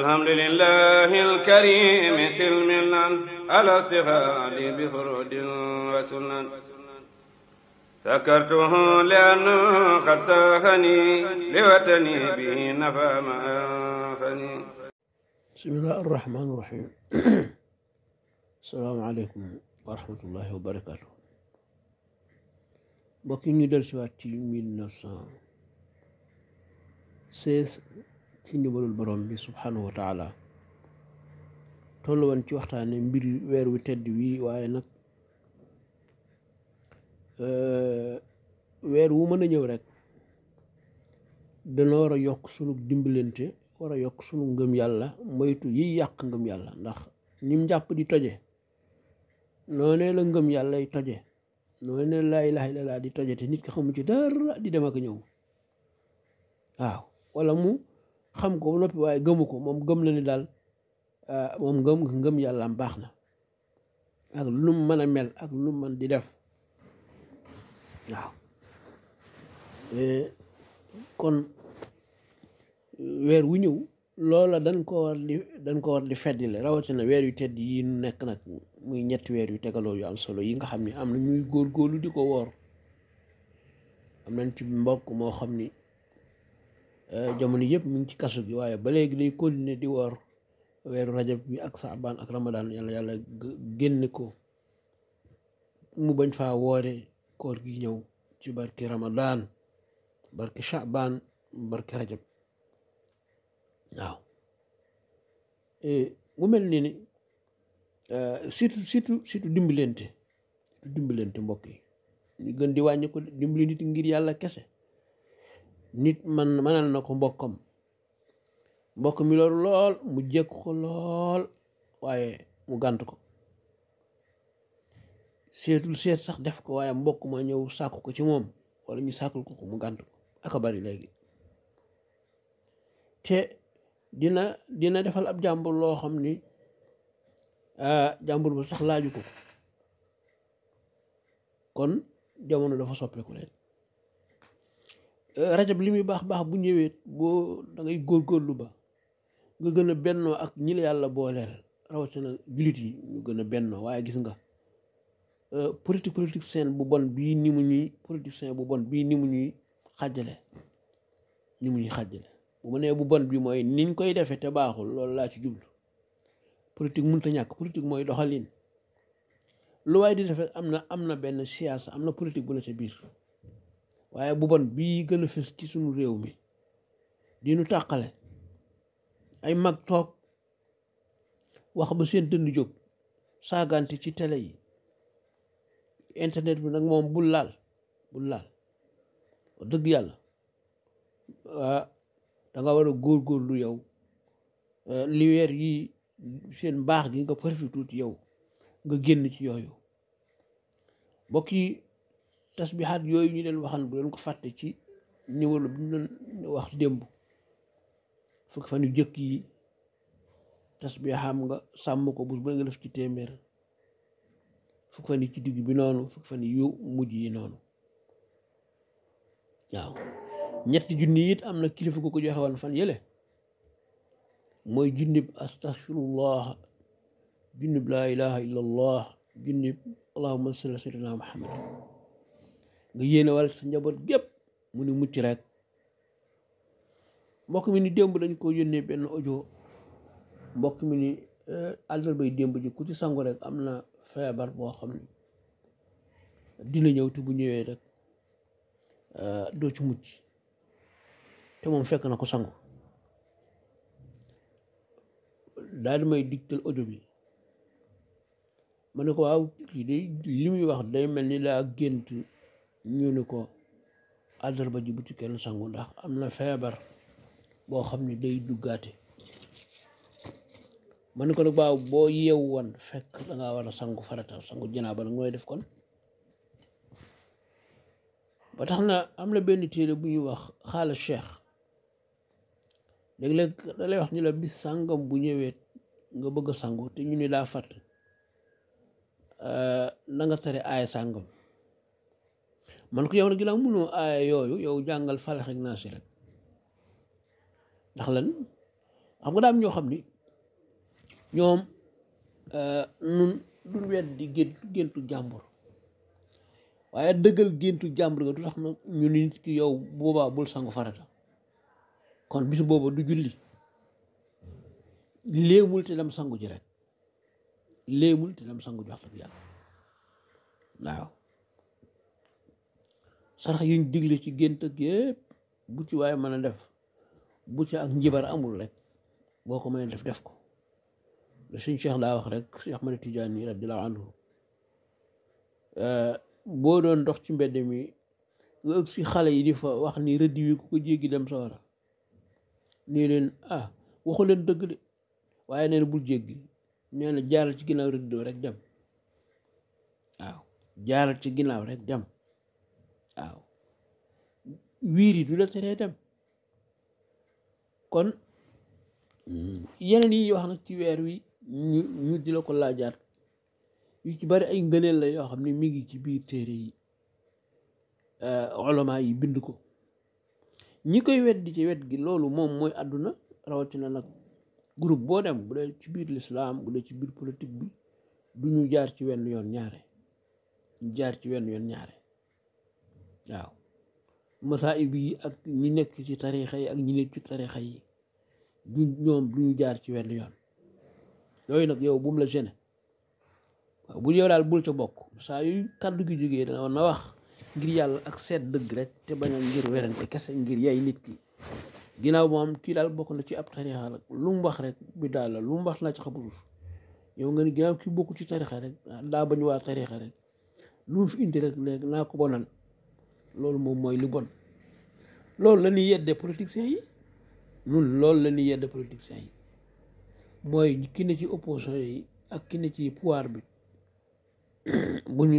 الحمد لله الكريم سلمنا على استفاد بفرد وسنن سكرته لأنه قد ساخني لوطني به نفى ما أنفني بسم الله الرحمن الرحيم السلام عليكم ورحمة الله وبركاته بكي ندرس واتي 1916 ci ndimbalul borom bi subhanahu wa taala toll woon ci waxtaane mbir weer wu tedd wii waaye nag eh, weer wu mën a ñëw rek dana war a yokk sunu dimbalante war a yokk sunu ngëm yàlla moytu yi yàq ngëm yàlla ndax nim njàpp di toje noonee la ngëm yàlla y toje noonee laa ilaaha illallaah di toje te nit ki xamu ci dara di dem ak ñëw waaw wala mu xam ko ba noppi waaye gëmu ko moom gëm la ni daal ah, moom ngëm ngëm yàllaam baax na ak lum mu mën a mel ak lu mu mën di def waaw eh, kon weer wu ñëw loola dañ ko war di dañ ko di feddile rawatina weer yu tedd yi nekk nag muy ñetti weer yu tegaloo yu am solo yi nga xam ni am na ñuy góor góorgóorlu di ko woor am nañ ci mbokk moo xam ni Eh, jamono yëpp mu ngi ci kasu gi waaye ba léegi day continuer di woor weeru rajab bi ak saabaan ak ramadaan yàlla yàlla génne ko mu bañ faa woore koor gi ñëw ci barki ramadaan barki saabaan barki rajab waaw eh, mu mel ni ni eh, surtout surtout surtout dimbalante surtout dimbalante mbokk yi gën di wàññi ko dimbali nit ngir yàlla kese nit man mënal na ko mbokkam mbokk mi loolu lool mu jékku ko lool waaye mu gànt ko seetul seet sax def ko waaye mbokk ma ñëw sàkku ko ci moom wala ñu sàkkul ko ko mu gànt ko aka bari léegi te dina dina defal ab jàmbur loo xam ni jàmbur bu sax laaju ko kon jamono dafa soppeeku leen Euh, rajab li muy baax baax bu ñëwee boo dangay góor góorlu ba nga gën a bennoo ak ñi yàlla booleel rawatina jullit yi mu gën a bennoo waaye gis nga euh, politique politicien bu bon bii ni mu ñuy politicien bu bon bii ni mu ñuy xajale ni mu ñuy xàjjale bu ma nee bu bon bi mooy niñ koy defee te baaxul loolu laa ci jublu politique mënut a ñàkk politique mooy doxalin lu waaye di defee am na am na benn siyaasa am na politique bu la ca biir. waaye bu bon bii gën a fës ci sunu réew mi di nu tàqale ay mag toog wax ba seen dënd jóg saagante ci tele yi internet bi nag moom bu laal bu laal dëgg yàlla ah da war a góor góorgóorlu yow ah, li weer yi seen mbaax gi nga profité tuuti yow nga génn ci yooyu mbokk tasbihaat yooyu ñu leen waxan bu leen ko fàtte ci niveau bi ñu leen wax démb fukki fan yu jëkk yi tasbihaam nga sàmm ko bu bu nga def ci téeméer fukki fan yi ci digg bi noonu fukki fan yu mujj yi noonu waaw ñetti junni it am na kilifa ko ko joxe woon fan yële mooy junnib astaghfirullah junnib laa ilaha illa allah junnib allahumma salli sayyidina muhammad nga yéenewal sa njaboot gépp mu ni mucc rek mbokk mi ni démb dañ ko yónnee benn audio mbokk mi ni eh, àllarbay démb ji ku ci sangu rek am na feebar boo xam ne dina ñëw te bu ñëwee rek eh, doo ci mucc te moom fekk na ko sangu daal di may digtal audio bi ma ne ko waaw kii day li muy wax day mel ni laa gént ñu ni ko àllarba ji bu ci kenn sangu ndax am na feebar boo xam ne day duggaate man ni ko nag baaw boo yeewu woon fekk danga war a sangu farata sangu janaaba nag mooy def kon ba tax na am na benn téere bu ñuy wax xaala cheikh léeg-léeg da wax ni la bis sàngam bu ñëwee nga bëgg a sangu te ñu ni daa fàtt na nga tere aaya sàngam man ko yow nag ginnaaw aaya yooyu yow jàngal falax naa si rek ndax lan xam nga daam ñoo xam ni ñoom euh, nun duñ wedd di géntu géntu jàmbur waaye dëggal géntu jàmbur nga du tax na ñu nit ki yow boobaa bul sangu farata kon bis booba du julli léemul te dem sangu ji rek léemul te dem sangu ji wax yàlla waaw sarax yuñ digle ci gént ak yëpp bu waaye mën a def bu ci ak njibar amul rek boo ko mënee def def ko la suñ cheikh daa wax rek cheikh Ahmad Tidiane radiyallahu anhu euh, boo doon ndox ci mbedd mi nga ëgg si xale yi di fa wax ni rëdd wi ku ko jéggi dem sawara nii leen ah, waxu leen dëgg de waaye nee na bul jéggi nee jaaral ci ginnaaw rëdd rek dem waaw jaaral ci ginnaaw rek dem wiir yi du la teree dem kon yeneen yi wax nag ci weer wi ñu ñu di la ko laajaat yu ci bari ay ngëneel la yoo xam ne mi ngi ci biir téere yi olama euh, yi bind ko ñi koy wet di ci wet gi loolu moom mooy àdduna rawatina nag groupe boo dem bu dee ci biir lislaam bu dee ci biir politique bi du ñu jaar ci wenn yoon ñaare ñu jaar ci wenn yoon ñaare waaw masaayib yi ak ñi nekk ci tarixa yi ak ñi nekk ci tarixa yi du ñoom duñu jaar ci wenn yoon yooyu nag yow bu mu la gêné waaw bu yow ca bokk saa yu kàddu gi jógee dana na wax ngir yàlla ak seet dëgg rek te bañ a ngir werante kese ngir yay nit ki ginnaaw moom kii daal bokk na ci ab tarixa lu mu wax rek bi daal la lu mu wax laa ci xamutul yow nga ni ginnaaw kii bokku ci tarixa rek daa bañ waa tarixa rek lu mu fi indi rek naa ko bonal loolu moom mooy lu bon loolu la ñuy yedde politiciens yi nun loolu la ñuy yedde politiciens yi mooy ki ci opposition yi ak ki ci pouvoir bi bu ñu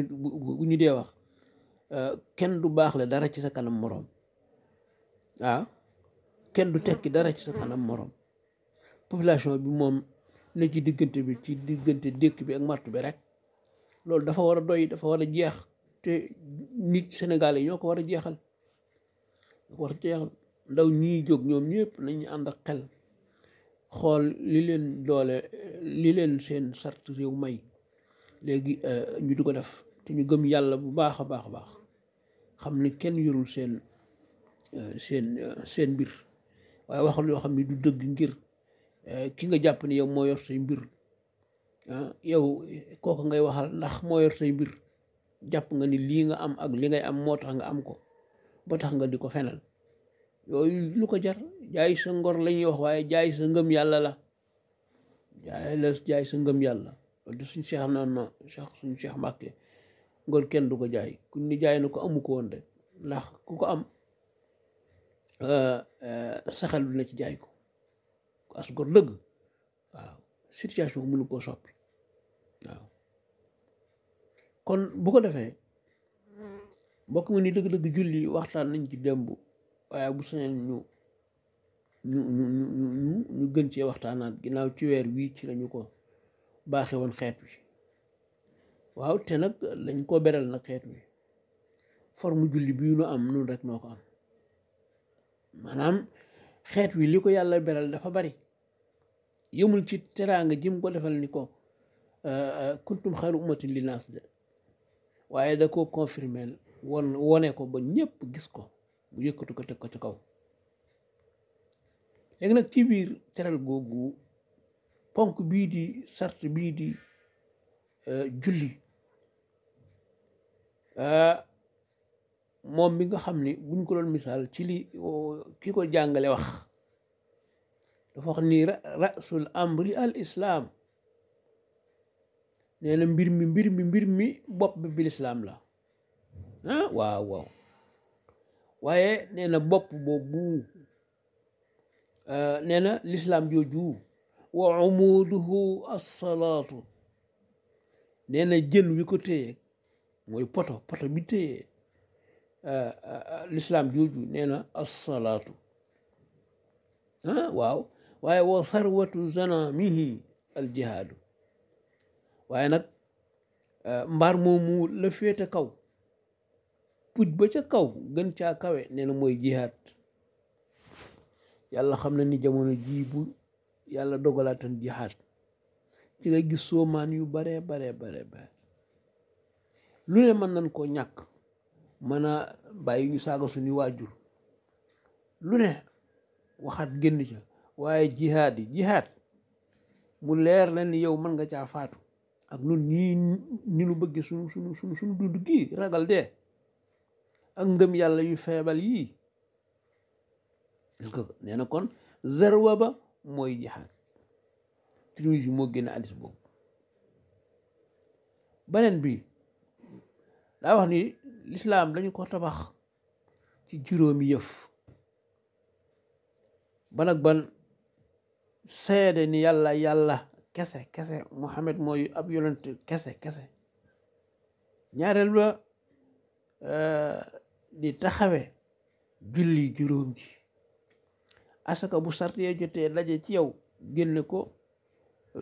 bu ñu dee wax euh, kenn du baax la dara ci sa kanam moroom waaw ah? kenn du tekki dara ci sa kanam moroom population bi moom ne ci diggante bi ci diggante dékk bi ak martu bi rek loolu dafa war a doy dafa war a jeex te nit Sénégalais yi ñoo ko war a jeexal ñoo ndaw ñiy jóg ñoom ñëpp nañu ànd ak xel xool li leen doole li leen seen sart réew may léegi euh, ñu di ko def te ñu gëm yàlla bu baax a baax a baax xam ni kenn yorul seen euh, seen euh, seen mbir waaye waxal yoo xam ni du dëgg ngir ki nga jàpp ni yow moo yor say mbir ah yow kooku ngay waxal ndax moo yor say mbir jàpp nga ni lii nga am ak li ngay am moo tax nga am ko ba tax nga di ko fenal yooyu lu ko jar jaay sa ngor lañuy wax waaye jaay sa ngëm yàlla la jaay jaay sa ngëm yàlla loolu suñ seex am naan ma seex suñ ngor kenn du ko jaay ku ni jaay na ko amu ko woon rek ndax ku ko am euh, euh, saxal du na ci jaay ko as gor dëgg waaw situation mënu koo soppi kon bu ko defee mbokk mi ni dëgg-dëgg julli waxtaan nañ ci démb waaye bu sañoon ñu ñu ñu ñu ñu gën cee waxtaanaat ginnaaw ci weer wii ci lañu ko baaxe woon xeet wi waaw te nag lañ koo beral nag xeet wi forme julli bi ñu am nun rek noo ko am maanaam xeet wi li ko yàlla beral dafa bari yëmul ci teraanga jim ko defal ni ko euh, kuntum xaru ummatin linaas de waaye da ko confirmer won wone ko ba ñépp gis ko bu yëkkatu ko teg ko ci kaw léegi nag ci biir teral googu ponk bii di sart bii di euh, julli euh, moom bi nga xam ni buñ ko doon misaal ci li ki ko jàngale wax dafa wax ni rasul amri al islaam nena na mbir mi mbir mi mbir mi bopp bi bi lislaam la ah waaw waaw waaye nee na bopp boobu ah, nee na lislaam jooju wa umuduhu assalaatu nee na wi ko téye mooy poto poto bi téye ah, ah, lislaam jooju nee na assalaatu ah waaw waaye wa sarwatu zanamihi aljihaadu waaye nag eh, mbaar moomu la kaw puj ba ca kaw gën caa kawe nee na mooy jihaat yàlla xam na ni jamono jii bu yàlla dogalaatan jihaat ci nga gis soomaan yu baree bare bare bare lu ne mën nañ koo ñàkk mën a bàyyi ñu saaga suñu waajur lu ne waxaat génn ca waaye jihaat yi jihaat mu leer la ni yow mën nga caa faatu ak nun ñii ñu nu bëgge suñu suñu suñu suñu dund gii ragal dee ak ngëm yàlla yu feebal yii parce que nee na kon zarwa ba mooy jihaad Tirmisi moo génn hadiis boobu beneen bi daa wax ni lislaam lañu ko tabax ci juróomi yëf ban ak ban seede ni yàlla yàlla kese kese Muhammad mooy ab yonent kese kese ñaareelu ba eh, di taxawe julli juróom ji asaka bu sart yee jotee daje ci yow génne ko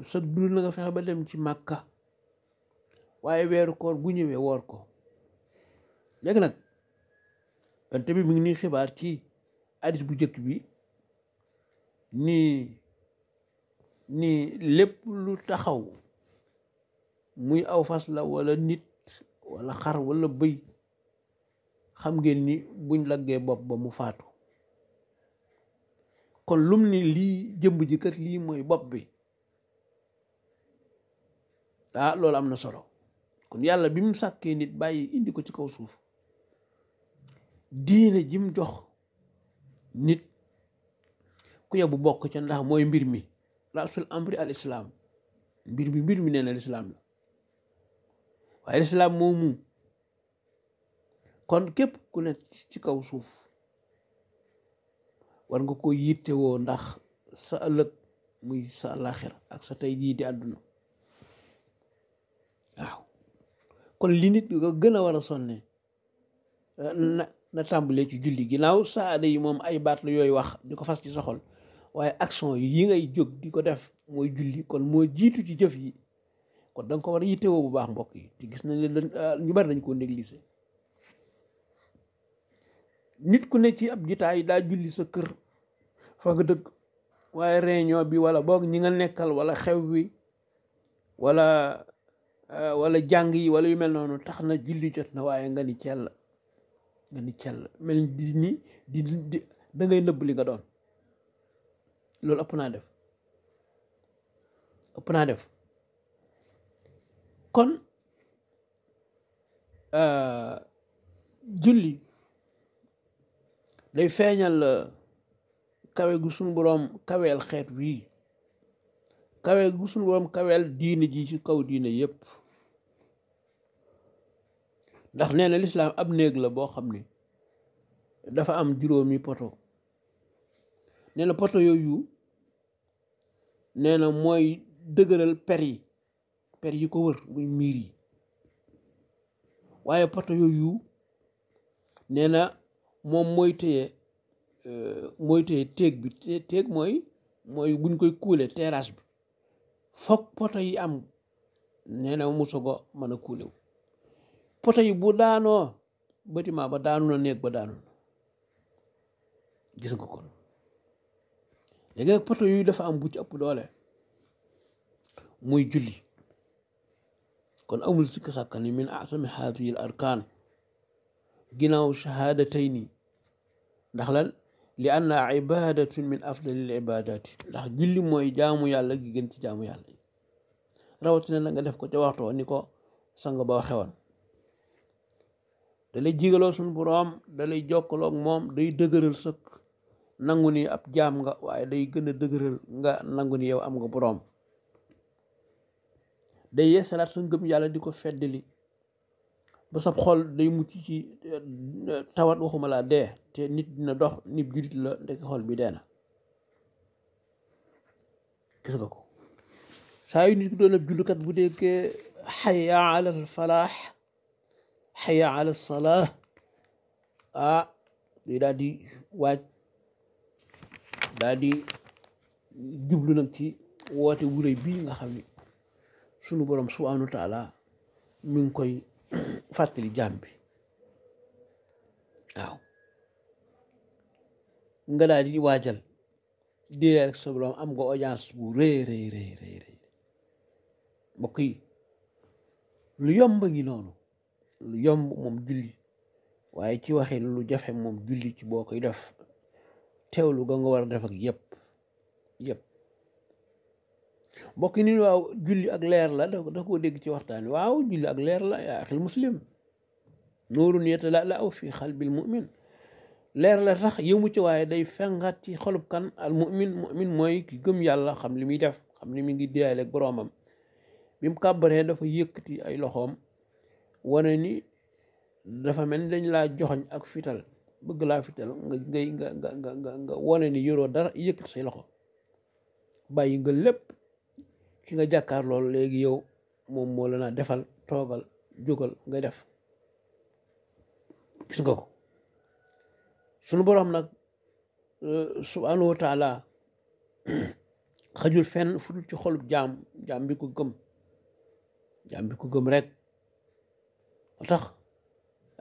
sa dund na nga fexe ba dem ci makka waaye weeru koor bu ñëwee woor ko léegi nag yonent bi mi nii xibaar ci hadis bu njëkk bi nii nii lépp lu taxaw muy aw fas la walla nit walla xar walla bëy xam ngeen ni buñ laggee bopp ba mu faatu kon lum ni lii jëmb ji kat lii mooy bopp bi ah loolu am na solo kon yàlla bi mu sàkkee nit bàyyi indi ko ci kaw suuf diine jim jox nit ku yebu bokk ca ndax mooy mbir mi raasul amri al islaam mbir bi mbir mi nee na al islaam la waaye al islaam moomu kon képp ku ne ci kaw suuf war nga ko yitte woo ndax sa ëllëg muy sa àllaaxira ak sa tey jii di àdduna waaw kon li nit nga gën a war a sonne eh, na na ci julli ginnaaw saada yi moom ay baat la yooyu wax di ko fas ci soxol waaye action yi ngay jóg di ko def mooy julli kon moo jiitu ci jëf yi kon da ko war a yittewoo bu baax mbokk yi te gis nañ leen ah, ñu bari dañ koo négliger nit ku ne ci ab jitaay daa julli sa kër fa nga dëkk waaye réunion bi wala boog ñi nga nekkal wala xew wi wala ah, wala jàng yi wala yu mel noonu tax na julli jot na waaye nga ni cell nga ni cell mel di ni di da nëbb li nga doon loolu ëpp naa def ëpp naa def kon euh, julli day feeñal euh, kawe gu suñu boroom kaweel xeet wii kawe gu suñu boroom kaweel diine ji ci kaw diine yépp ndax nee na lislaam ab néeg la boo xam ne dafa am juróomi poto nee poto yooyu nee na mooy dëgëral per yi per yi ko wër muy miir yi waaye poto yooyu nee na moom mooy téye euh, mooy téye bi téeg mooy mooy buñ koy kuule terrasse bi foog poto yi am nee na mu sogo mën a kuulewu poto yi bu daanoo bâtiment ba daanu na ba daanu na gis nga kon léegi nag poto yooyu dafa am bu ci ëpp doole muy julli kon amul sikk sàkka ni min asami haadihi l arkaan ginnaaw shahaadatayni ndax lan li anna ibadatun min afdalil ibadati ndax julli mooy jaamu yàlla gi gën ci jaamu yàlla yi rawatina na def ko ca waxtu ni ko sang ba xewoon da lay jigaloo suñu boroom da lay moom day dëgëral sa nangu ni ab jaam nga waaye day gën a dëgëral nga nangu ni yow am nga boroom day yeesalaat sa ngëm yàlla di ko feddali ba sab xol day mucc ci eh, tawat waxuma laa dee te nit dina dox nit jullit la ndekk xol bi dee na gis nga ko saa yu nit ku doon ab jullikat bu déggee xaya ala al falaax xaya ala salaah ah day daal waaj daal di jublu nag ci woote wu bii nga xam ni sunu borom subhaanahu wa taala ngi koy fàttali jaam bi waaw nga daal di waajal di rek am nga audience bu rëy rëy rëy mbokk yi lu yomb ngi noonu lu yomb moom julli waaye ci waxee lu jafe moom julli ci boo koy def teewlu ga nga war a def ak yëpp yëpp mbokk yi waaw julli ak leer la da koo dégg ci waxtaan waaw julli ak leer la yaa axil muslim nuurun yatalala'u fi xalbil mu'min leer la sax yëmu ci waaye day fengaat ci xolub kan al mu'min mu'min mooy ki gëm yàlla xam li muy def xam li mu ngi diyaale ak boroomam bi mu kàbbaree dafa yëkkati ay loxoom wane ni dafa mel ni dañ laa joxoñ ak fital bëgg laa fitnal nga ngay nga nga nga nga ni yoroo dara yëkkati say loxo bàyyi nga lépp ki nga jàkkaar loolu léegi yow moom moo la naa defal toogal jógal nga def gis nga ko sunu borom nag euh, subhanahu wa xajul fenn fudul ci xolub jaam jaam bi gëm jaam bi gëm rek moo tax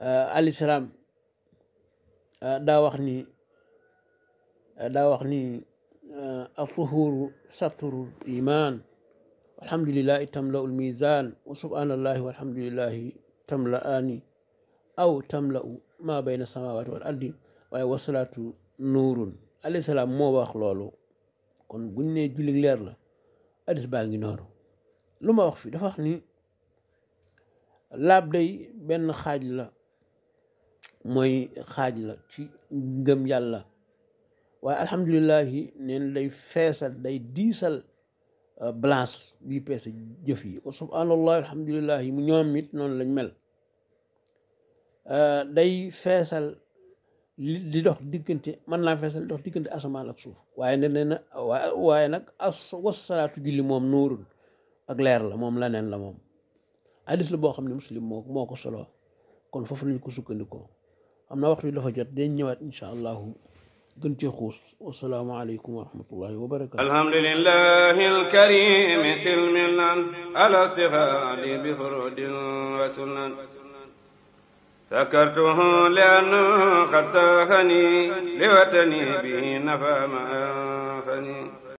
euh, alayhi salaam Euh, daa wax ni euh, daa wax ni euh, alfuhuru satrul iman walhamdulillahi tamla ul mizan wa subhanallahi walhamdulillahi tamla ani aw tamla u ma bayna samawati wal ardi waaye wasalaatu nuurun alayhi salaam moo wax loolu kon buñ ne jullig leer la addis baa ngi lu ma wax fi dafa wax ni laab day benn xaaj la mooy xaaj la ci ngëm yàlla waaye alhamdulilahi neen day feesal day diisal euh, balance bi peese jëf yi wa subhaanallahi mu ñoom it noonu lañ mel euh, day feesal li dox diggante mën naa feesal li dox diggante asamaan ak suuf waaye ne waaye nag as wasalaatu julli moom nuurun ak leer la moom leneen la moom hadis la boo xam ne muslim moo moo ko solo kon foofu lañ ko sukkandikoo am na waxtu bi dafa jot dañ ñëwaat incha allahu gën cee xuus wasalaamu aleykum wa rahmatullahi wa barakatu alhamdulillahi alkarim silmilan ala stigadi bi furudin wa sunan سكرته لأنه قد ساخني لوطني به نفى ما أنفني